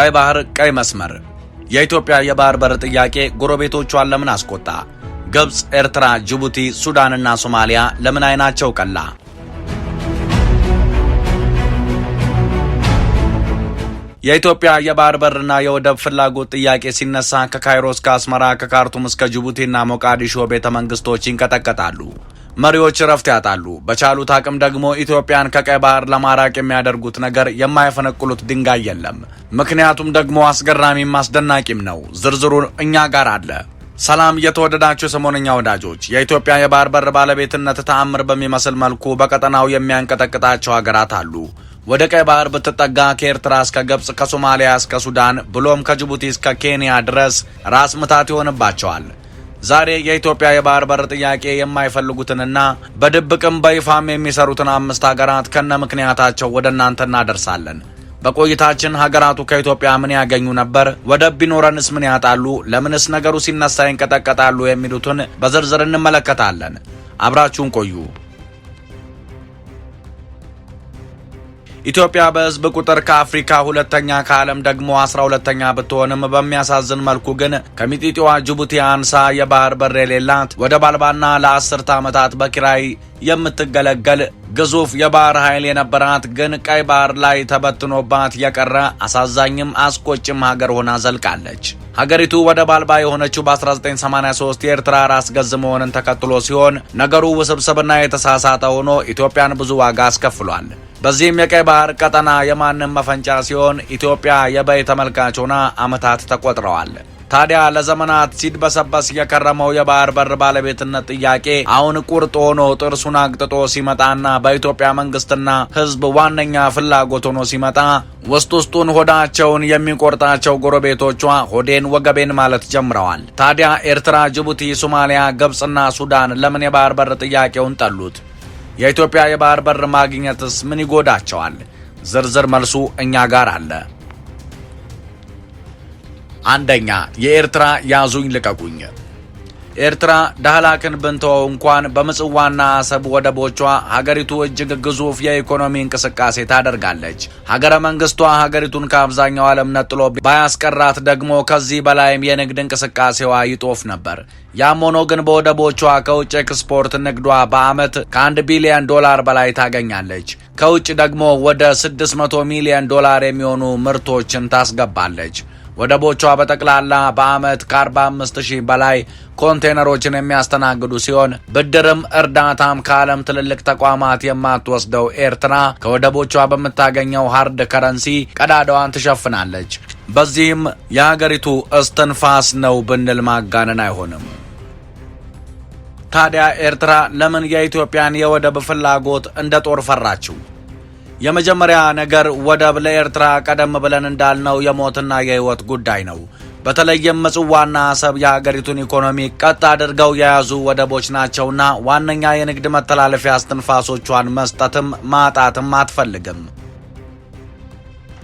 ቀይ ባህር ቀይ መስመር የኢትዮጵያ የባህር በር ጥያቄ ጎረቤቶቿን ለምን አስቆጣ? ግብፅ፣ ኤርትራ፣ ጅቡቲ፣ ሱዳንና ሶማሊያ ለምን አይናቸው ቀላ? የኢትዮጵያ የባህር በርና የወደብ ፍላጎት ጥያቄ ሲነሳ ከካይሮ እስከ አስመራ፣ ከካርቱም እስከ ጅቡቲና ሞቃዲሾ ቤተ መንግስቶች ይንቀጠቀጣሉ። መሪዎች እረፍት ያጣሉ። በቻሉት አቅም ደግሞ ኢትዮጵያን ከቀይ ባህር ለማራቅ የሚያደርጉት ነገር የማይፈነቅሉት ድንጋይ የለም። ምክንያቱም ደግሞ አስገራሚም አስደናቂም ነው። ዝርዝሩ እኛ ጋር አለ። ሰላም የተወደዳችሁ ሰሞነኛ ወዳጆች፣ የኢትዮጵያ የባህር በር ባለቤትነት ተአምር በሚመስል መልኩ በቀጠናው የሚያንቀጠቅጣቸው ሀገራት አሉ። ወደ ቀይ ባህር ብትጠጋ ከኤርትራ እስከ ግብፅ፣ ከሶማሊያ እስከ ሱዳን ብሎም ከጅቡቲ እስከ ኬንያ ድረስ ራስ ምታት ይሆንባቸዋል። ዛሬ የኢትዮጵያ የባህር በር ጥያቄ የማይፈልጉትንና በድብቅም በይፋም የሚሰሩትን አምስት ሀገራት ከነ ምክንያታቸው ወደ እናንተ እናደርሳለን። በቆይታችን ሀገራቱ ከኢትዮጵያ ምን ያገኙ ነበር? ወደብ ቢኖረንስ ምን ያጣሉ? ለምንስ ነገሩ ሲነሳ ይንቀጠቀጣሉ? የሚሉትን በዝርዝር እንመለከታለን። አብራችሁን ቆዩ። ኢትዮጵያ በህዝብ ቁጥር ከአፍሪካ ሁለተኛ ከዓለም ደግሞ አስራ ሁለተኛ ብትሆንም በሚያሳዝን መልኩ ግን ከሚጢጢዋ ጅቡቲ አንሳ የባህር በር የሌላት ወደብ አልባና ለአስርተ ዓመታት በኪራይ የምትገለገል ግዙፍ የባህር ኃይል የነበራት ግን ቀይ ባህር ላይ ተበትኖባት የቀረ አሳዛኝም አስቆጭም ሀገር ሆና ዘልቃለች። ሀገሪቱ ወደብ አልባ የሆነችው በ1983 የኤርትራ ራስ ገዝ መሆንን ተከትሎ ሲሆን ነገሩ ውስብስብና የተሳሳተ ሆኖ ኢትዮጵያን ብዙ ዋጋ አስከፍሏል። በዚህም የቀይ ባህር ቀጠና የማንም መፈንጫ ሲሆን ኢትዮጵያ የበይ ተመልካች ሆና ዓመታት ተቆጥረዋል። ታዲያ ለዘመናት ሲድበሰበስ የከረመው የባህር በር ባለቤትነት ጥያቄ አሁን ቁርጥ ሆኖ ጥርሱን አግጥጦ ሲመጣና በኢትዮጵያ መንግስትና ሕዝብ ዋነኛ ፍላጎት ሆኖ ሲመጣ ውስጥ ውስጡን ሆዳቸውን የሚቆርጣቸው ጎረቤቶቿ ሆዴን ወገቤን ማለት ጀምረዋል። ታዲያ ኤርትራ፣ ጅቡቲ፣ ሶማሊያ፣ ግብፅና ሱዳን ለምን የባህር በር ጥያቄውን ጠሉት? የኢትዮጵያ የባህር በር ማግኘትስ ምን ይጎዳቸዋል? ዝርዝር መልሱ እኛ ጋር አለ። አንደኛ የኤርትራ ያዙኝ ልቀቁኝ። ኤርትራ ዳህላክን ብንተወው እንኳን በምጽዋና አሰብ ወደቦቿ ሀገሪቱ እጅግ ግዙፍ የኢኮኖሚ እንቅስቃሴ ታደርጋለች። ሀገረ መንግስቷ ሀገሪቱን ከአብዛኛው ዓለም ነጥሎ ባያስቀራት ደግሞ ከዚህ በላይም የንግድ እንቅስቃሴዋ ይጦፍ ነበር። ያም ሆኖ ግን በወደቦቿ ከውጭ ኤክስፖርት ንግዷ በዓመት ከአንድ ቢሊዮን ዶላር በላይ ታገኛለች። ከውጭ ደግሞ ወደ 600 ሚሊዮን ዶላር የሚሆኑ ምርቶችን ታስገባለች። ወደቦቿ በጠቅላላ በዓመት ከ45 ሺህ በላይ ኮንቴነሮችን የሚያስተናግዱ ሲሆን ብድርም እርዳታም ከዓለም ትልልቅ ተቋማት የማትወስደው ኤርትራ ከወደቦቿ በምታገኘው ሀርድ ከረንሲ ቀዳዳዋን ትሸፍናለች። በዚህም የሀገሪቱ እስትንፋስ ነው ብንል ማጋነን አይሆንም። ታዲያ ኤርትራ ለምን የኢትዮጵያን የወደብ ፍላጎት እንደ ጦር ፈራችው? የመጀመሪያ ነገር ወደብ ለኤርትራ ቀደም ብለን እንዳልነው የሞትና የህይወት ጉዳይ ነው። በተለይም ምጽዋና አሰብ የሀገሪቱን ኢኮኖሚ ቀጥ አድርገው የያዙ ወደቦች ናቸውና ዋነኛ የንግድ መተላለፊያ እስትንፋሶቿን መስጠትም ማጣትም አትፈልግም።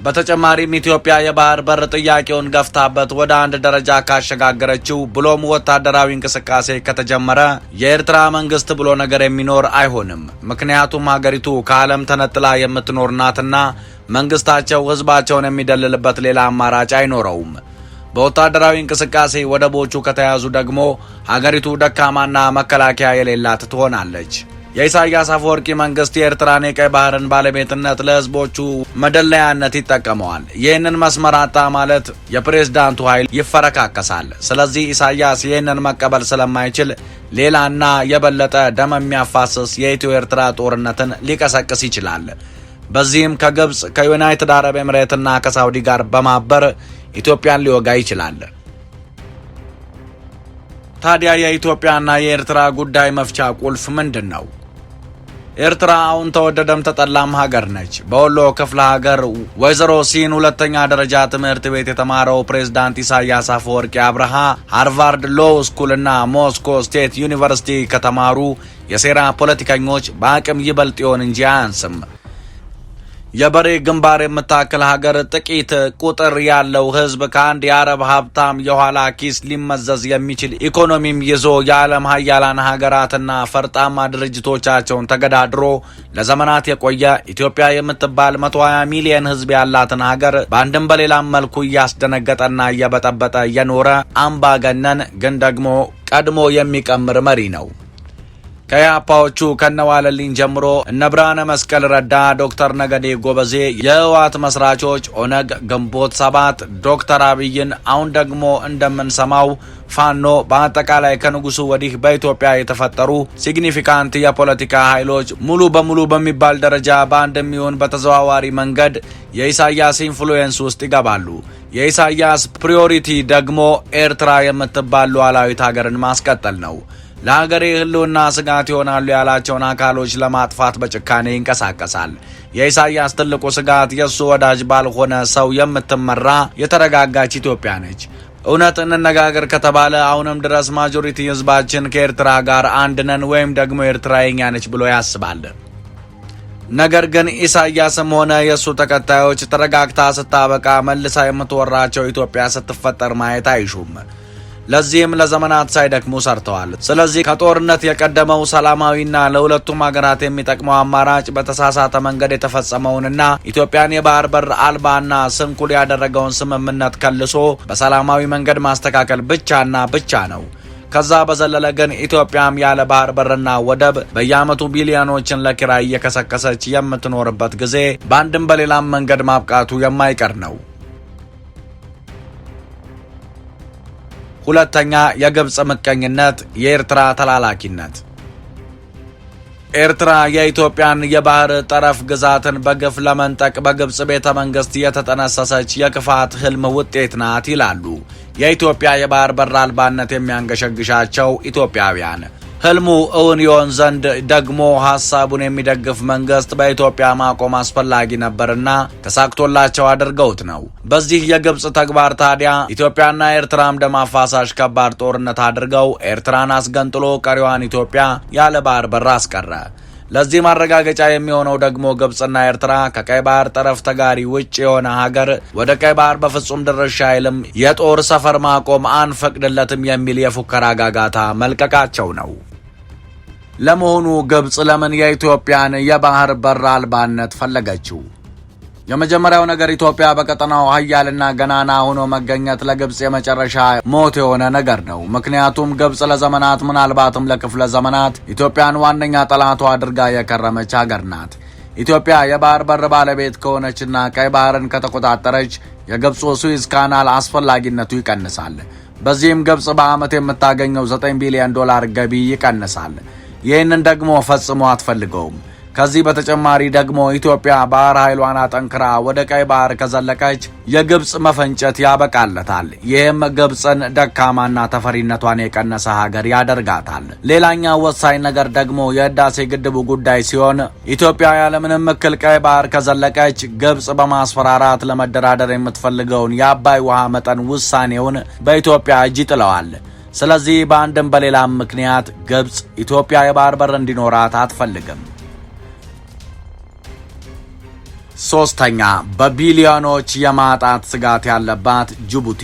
በተጨማሪም ኢትዮጵያ የባህር በር ጥያቄውን ገፍታበት ወደ አንድ ደረጃ ካሸጋገረችው ብሎም ወታደራዊ እንቅስቃሴ ከተጀመረ የኤርትራ መንግስት ብሎ ነገር የሚኖር አይሆንም። ምክንያቱም ሀገሪቱ ከዓለም ተነጥላ የምትኖር ናትና መንግስታቸው ህዝባቸውን የሚደልልበት ሌላ አማራጭ አይኖረውም። በወታደራዊ እንቅስቃሴ ወደቦቹ ከተያዙ ደግሞ ሀገሪቱ ደካማና መከላከያ የሌላት ትሆናለች። የኢሳያስ አፈወርቂ መንግስት የኤርትራን የቀይ ባህርን ባለቤትነት ለህዝቦቹ መደለያነት ይጠቀመዋል። ይህንን መስመር አጣ ማለት የፕሬዝዳንቱ ኃይል ይፈረካከሳል። ስለዚህ ኢሳያስ ይህንን መቀበል ስለማይችል ሌላና የበለጠ ደም የሚያፋስስ የኢትዮ ኤርትራ ጦርነትን ሊቀሰቅስ ይችላል። በዚህም ከግብፅ ከዩናይትድ አረብ ኤምሬትና ከሳውዲ ጋር በማበር ኢትዮጵያን ሊወጋ ይችላል። ታዲያ የኢትዮጵያና የኤርትራ ጉዳይ መፍቻ ቁልፍ ምንድን ነው? ኤርትራ አሁን ተወደደም ተጠላም ሀገር ነች። በወሎ ክፍለ ሀገር ወይዘሮ ሲን ሁለተኛ ደረጃ ትምህርት ቤት የተማረው ፕሬዝዳንት ኢሳያስ አፈወርቂ አብርሃ ሃርቫርድ ስኩል እና ሞስኮ ስቴት ዩኒቨርሲቲ ከተማሩ የሴራ ፖለቲከኞች በአቅም ይበልጥ ይሆን እንጂ አያንስም። የበሬ ግንባር የምታክል ሀገር ጥቂት ቁጥር ያለው ህዝብ ከአንድ የአረብ ሀብታም የኋላ ኪስ ሊመዘዝ የሚችል ኢኮኖሚም ይዞ የዓለም ሀያላን ሀገራትና ፈርጣማ ድርጅቶቻቸውን ተገዳድሮ ለዘመናት የቆየ ኢትዮጵያ የምትባል 120 ሚሊየን ህዝብ ያላትን ሀገር በአንድም በሌላም መልኩ እያስደነገጠና እየበጠበጠ የኖረ አምባገነን ግን ደግሞ ቀድሞ የሚቀምር መሪ ነው። ከያፓዎቹ ከነዋለልኝ ጀምሮ እነ ብርሃነ መስቀል ረዳ፣ ዶክተር ነገዴ ጎበዜ፣ የህወሓት መስራቾች ኦነግ ግንቦት ሰባት ዶክተር አብይን አሁን ደግሞ እንደምንሰማው ፋኖ በአጠቃላይ ከንጉሱ ወዲህ በኢትዮጵያ የተፈጠሩ ሲግኒፊካንት የፖለቲካ ኃይሎች ሙሉ በሙሉ በሚባል ደረጃ በአንድ የሚሆን በተዘዋዋሪ መንገድ የኢሳያስ ኢንፍሉዌንስ ውስጥ ይገባሉ። የኢሳያስ ፕሪዮሪቲ ደግሞ ኤርትራ የምትባል ሉዓላዊት ሀገርን ማስቀጠል ነው። ለሀገሬ ህልውና ስጋት ይሆናሉ ያላቸውን አካሎች ለማጥፋት በጭካኔ ይንቀሳቀሳል። የኢሳያስ ትልቁ ስጋት የእሱ ወዳጅ ባልሆነ ሰው የምትመራ የተረጋጋች ኢትዮጵያ ነች። እውነት እንነጋገር ከተባለ አሁንም ድረስ ማጆሪቲ ህዝባችን ከኤርትራ ጋር አንድ ነን ወይም ደግሞ ኤርትራ የኛ ነች ብሎ ያስባል። ነገር ግን ኢሳያስም ሆነ የእሱ ተከታዮች ተረጋግታ ስታበቃ መልሳ የምትወራቸው ኢትዮጵያ ስትፈጠር ማየት አይሹም። ለዚህም ለዘመናት ሳይደክሙ ሰርተዋል። ስለዚህ ከጦርነት የቀደመው ሰላማዊና ለሁለቱም ሀገራት የሚጠቅመው አማራጭ በተሳሳተ መንገድ የተፈጸመውንና ኢትዮጵያን የባህር በር አልባና ስንኩል ያደረገውን ስምምነት ከልሶ በሰላማዊ መንገድ ማስተካከል ብቻና ብቻ ነው። ከዛ በዘለለ ግን ኢትዮጵያም ያለ ባህር በርና ወደብ በየዓመቱ ቢሊዮኖችን ለኪራይ እየከሰከሰች የምትኖርበት ጊዜ በአንድም በሌላም መንገድ ማብቃቱ የማይቀር ነው። ሁለተኛ የግብፅ ምቀኝነት፣ የኤርትራ ተላላኪነት። ኤርትራ የኢትዮጵያን የባህር ጠረፍ ግዛትን በግፍ ለመንጠቅ በግብፅ ቤተ መንግስት የተጠነሰሰች የክፋት ህልም ውጤት ናት ይላሉ የኢትዮጵያ የባህር በር አልባነት የሚያንገሸግሻቸው ኢትዮጵያውያን። ህልሙ እውን ይሆን ዘንድ ደግሞ ሀሳቡን የሚደግፍ መንግስት በኢትዮጵያ ማቆም አስፈላጊ ነበርና ተሳክቶላቸው አድርገውት ነው። በዚህ የግብፅ ተግባር ታዲያ ኢትዮጵያና ኤርትራም ደም አፋሳሽ ከባድ ጦርነት አድርገው ኤርትራን አስገንጥሎ ቀሪዋን ኢትዮጵያ ያለ ባህር በር አስቀረ። ለዚህ ማረጋገጫ የሚሆነው ደግሞ ግብጽና ኤርትራ ከቀይ ባህር ጠረፍ ተጋሪ ውጭ የሆነ ሀገር ወደ ቀይ ባህር በፍጹም ድርሻ አይልም፣ የጦር ሰፈር ማቆም አንፈቅድለትም የሚል የፉከራ ጋጋታ መልቀቃቸው ነው። ለመሆኑ ግብጽ ለምን የኢትዮጵያን የባህር በር አልባነት ፈለገችው? የመጀመሪያው ነገር ኢትዮጵያ በቀጠናው ሀያልና ገናና ሆኖ መገኘት ለግብጽ የመጨረሻ ሞት የሆነ ነገር ነው። ምክንያቱም ግብጽ ለዘመናት ምናልባትም ለክፍለ ዘመናት ኢትዮጵያን ዋነኛ ጠላቷ አድርጋ የከረመች ሀገር ናት። ኢትዮጵያ የባህር በር ባለቤት ከሆነችና ቀይ ባህርን ከተቆጣጠረች የግብጹ ስዊዝ ካናል አስፈላጊነቱ ይቀንሳል። በዚህም ግብጽ በዓመት የምታገኘው 9 ቢሊዮን ዶላር ገቢ ይቀንሳል። ይህንን ደግሞ ፈጽሞ አትፈልገውም። ከዚህ በተጨማሪ ደግሞ ኢትዮጵያ ባህር ኃይሏን አጠንክራ ወደ ቀይ ባህር ከዘለቀች የግብፅ መፈንጨት ያበቃለታል። ይህም ግብፅን ደካማና ተፈሪነቷን የቀነሰ ሀገር ያደርጋታል። ሌላኛው ወሳኝ ነገር ደግሞ የህዳሴ ግድቡ ጉዳይ ሲሆን ኢትዮጵያ ያለምንም እክል ቀይ ባህር ከዘለቀች ግብፅ በማስፈራራት ለመደራደር የምትፈልገውን የአባይ ውሃ መጠን ውሳኔውን በኢትዮጵያ እጅ ይጥለዋል። ስለዚህ በአንድም በሌላም ምክንያት ግብፅ ኢትዮጵያ የባህር በር እንዲኖራት አትፈልግም። ሶስተኛ በቢሊዮኖች የማጣት ስጋት ያለባት ጅቡቲ።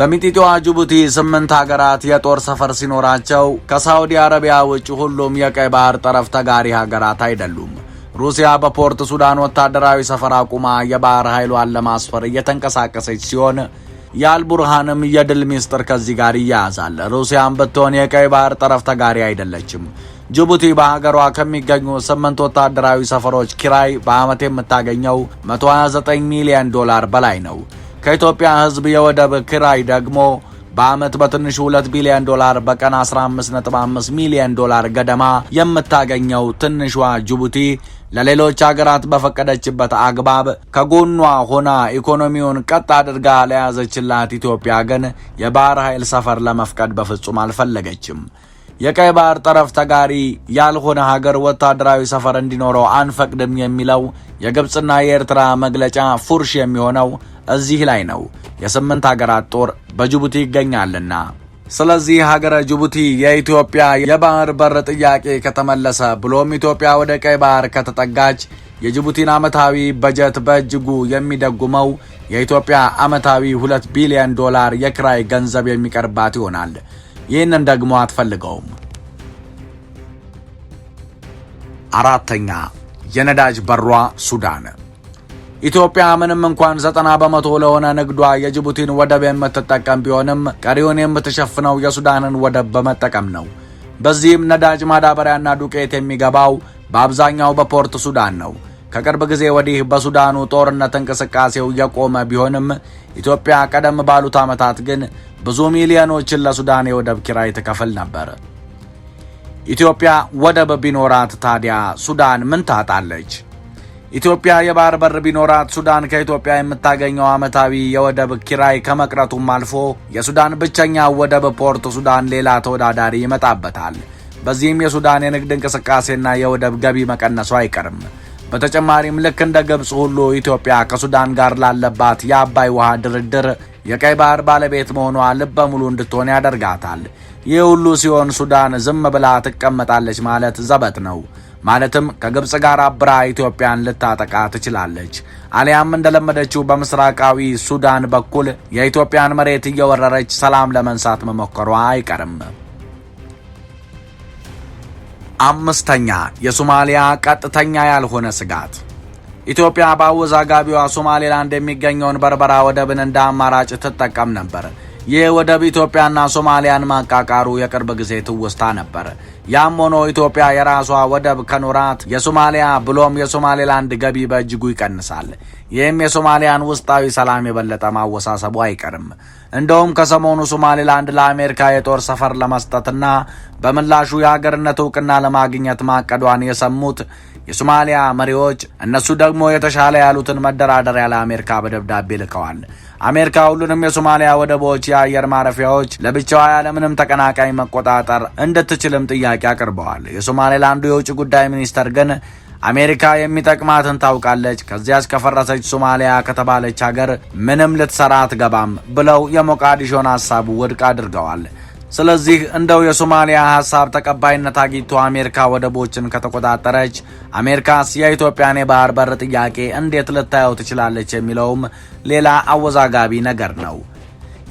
በሚጢጢዋ ጅቡቲ ስምንት ሀገራት የጦር ሰፈር ሲኖራቸው ከሳዑዲ አረቢያ ውጭ ሁሉም የቀይ ባህር ጠረፍ ተጋሪ ሀገራት አይደሉም። ሩሲያ በፖርት ሱዳን ወታደራዊ ሰፈር አቁማ የባህር ኃይሏን ለማስፈር እየተንቀሳቀሰች ሲሆን የአልቡርሃንም የድል ሚስጥር ከዚህ ጋር ይያያዛል። ሩሲያም ብትሆን የቀይ ባህር ጠረፍ ተጋሪ አይደለችም። ጅቡቲ በሀገሯ ከሚገኙ ስምንት ወታደራዊ ሰፈሮች ኪራይ በዓመት የምታገኘው 129 ሚሊዮን ዶላር በላይ ነው። ከኢትዮጵያ ሕዝብ የወደብ ክራይ ደግሞ በዓመት በትንሹ 2 ቢሊዮን ዶላር በቀን 15.5 ሚሊዮን ዶላር ገደማ የምታገኘው ትንሿ ጅቡቲ ለሌሎች ሀገራት በፈቀደችበት አግባብ ከጎኗ ሆና ኢኮኖሚውን ቀጥ አድርጋ ለያዘችላት ኢትዮጵያ ግን የባህር ኃይል ሰፈር ለመፍቀድ በፍጹም አልፈለገችም። የቀይ ባህር ጠረፍ ተጋሪ ያልሆነ ሀገር ወታደራዊ ሰፈር እንዲኖረው አንፈቅድም የሚለው የግብፅና የኤርትራ መግለጫ ፉርሽ የሚሆነው እዚህ ላይ ነው። የስምንት ሀገራት ጦር በጅቡቲ ይገኛልና። ስለዚህ ሀገረ ጅቡቲ የኢትዮጵያ የባህር በር ጥያቄ ከተመለሰ ብሎም ኢትዮጵያ ወደ ቀይ ባህር ከተጠጋች የጅቡቲን ዓመታዊ በጀት በእጅጉ የሚደጉመው የኢትዮጵያ ዓመታዊ ሁለት ቢሊዮን ዶላር የክራይ ገንዘብ የሚቀርባት ይሆናል። ይህንን ደግሞ አትፈልገውም። አራተኛ የነዳጅ በሯ ሱዳን። ኢትዮጵያ ምንም እንኳን ዘጠና በመቶ ለሆነ ንግዷ የጅቡቲን ወደብ የምትጠቀም ቢሆንም ቀሪውን የምትሸፍነው የሱዳንን ወደብ በመጠቀም ነው። በዚህም ነዳጅ፣ ማዳበሪያና ዱቄት የሚገባው በአብዛኛው በፖርት ሱዳን ነው። ከቅርብ ጊዜ ወዲህ በሱዳኑ ጦርነት እንቅስቃሴው የቆመ ቢሆንም ኢትዮጵያ ቀደም ባሉት ዓመታት ግን ብዙ ሚሊዮኖችን ለሱዳን የወደብ ኪራይ ትከፍል ነበር። ኢትዮጵያ ወደብ ቢኖራት ታዲያ ሱዳን ምን ታጣለች? ኢትዮጵያ የባህር በር ቢኖራት ሱዳን ከኢትዮጵያ የምታገኘው ዓመታዊ የወደብ ኪራይ ከመቅረቱም አልፎ የሱዳን ብቸኛ ወደብ ፖርት ሱዳን ሌላ ተወዳዳሪ ይመጣበታል። በዚህም የሱዳን የንግድ እንቅስቃሴና የወደብ ገቢ መቀነሱ አይቀርም። በተጨማሪም ልክ እንደ ግብፅ ሁሉ ኢትዮጵያ ከሱዳን ጋር ላለባት የአባይ ውሃ ድርድር የቀይ ባህር ባለቤት መሆኗ ልበ ሙሉ እንድትሆን ያደርጋታል። ይህ ሁሉ ሲሆን ሱዳን ዝም ብላ ትቀመጣለች ማለት ዘበት ነው። ማለትም ከግብፅ ጋር አብራ ኢትዮጵያን ልታጠቃ ትችላለች። አሊያም እንደለመደችው በምስራቃዊ ሱዳን በኩል የኢትዮጵያን መሬት እየወረረች ሰላም ለመንሳት መሞከሯ አይቀርም። አምስተኛ የሶማሊያ ቀጥተኛ ያልሆነ ስጋት ኢትዮጵያ በአወዛጋቢዋ ሶማሌላንድ የሚገኘውን በርበራ ወደብን እንደ አማራጭ ትጠቀም ነበር። የወደብ ኢትዮጵያና ሶማሊያን ማቃቃሩ የቅርብ ጊዜ ትውስታ ነበር። ያም ሆኖ ኢትዮጵያ የራሷ ወደብ ከኖራት የሶማሊያ ብሎም የሶማሌላንድ ገቢ በእጅጉ ይቀንሳል። ይህም የሶማሊያን ውስጣዊ ሰላም የበለጠ ማወሳሰቡ አይቀርም። እንደውም ከሰሞኑ ሶማሌላንድ ለአሜሪካ የጦር ሰፈር ለመስጠትና በምላሹ የሀገርነት እውቅና ለማግኘት ማቀዷን የሰሙት የሶማሊያ መሪዎች እነሱ ደግሞ የተሻለ ያሉትን መደራደሪያ ለአሜሪካ በደብዳቤ ልከዋል። አሜሪካ ሁሉንም የሶማሊያ ወደቦች የአየር ማረፊያዎች ለብቻዋ ያለምንም ተቀናቃኝ መቆጣጠር እንድትችልም ጥያቄ አቅርበዋል። የሶማሌላንዱ የውጭ ጉዳይ ሚኒስተር ግን አሜሪካ የሚጠቅማትን ታውቃለች፣ ከዚያች ከፈረሰች ሶማሊያ ከተባለች ሀገር ምንም ልትሰራ አትገባም ብለው የሞቃዲሾን ሀሳቡ ውድቅ አድርገዋል። ስለዚህ እንደው የሶማሊያ ሀሳብ ተቀባይነት አግኝቶ አሜሪካ ወደቦችን ከተቆጣጠረች አሜሪካስ የኢትዮጵያን የባህር በር ጥያቄ እንዴት ልታየው ትችላለች የሚለውም ሌላ አወዛጋቢ ነገር ነው።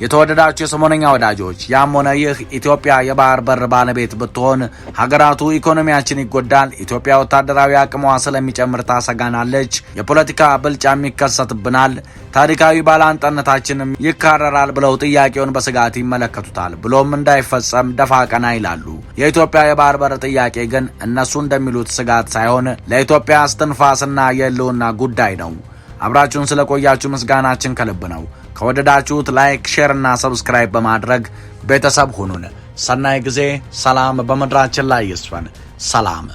የተወደዳችሁ የሰሞነኛ ወዳጆች፣ ያም ሆነ ይህ ኢትዮጵያ የባህር በር ባለቤት ብትሆን ሀገራቱ ኢኮኖሚያችን ይጎዳል፣ ኢትዮጵያ ወታደራዊ አቅሟ ስለሚጨምር ታሰጋናለች፣ የፖለቲካ ብልጫም ይከሰትብናል፣ ታሪካዊ ባላንጠነታችንም ይካረራል ብለው ጥያቄውን በስጋት ይመለከቱታል፣ ብሎም እንዳይፈጸም ደፋ ቀና ይላሉ። የኢትዮጵያ የባህር በር ጥያቄ ግን እነሱ እንደሚሉት ስጋት ሳይሆን ለኢትዮጵያ እስትንፋስና የህልውና ጉዳይ ነው። አብራችሁን ስለቆያችሁ ምስጋናችን ከልብ ነው። ከወደዳችሁት ላይክ፣ ሼር እና ሰብስክራይብ በማድረግ ቤተሰብ ሁኑን። ሰናይ ጊዜ። ሰላም በምድራችን ላይ ይስፈን። ሰላም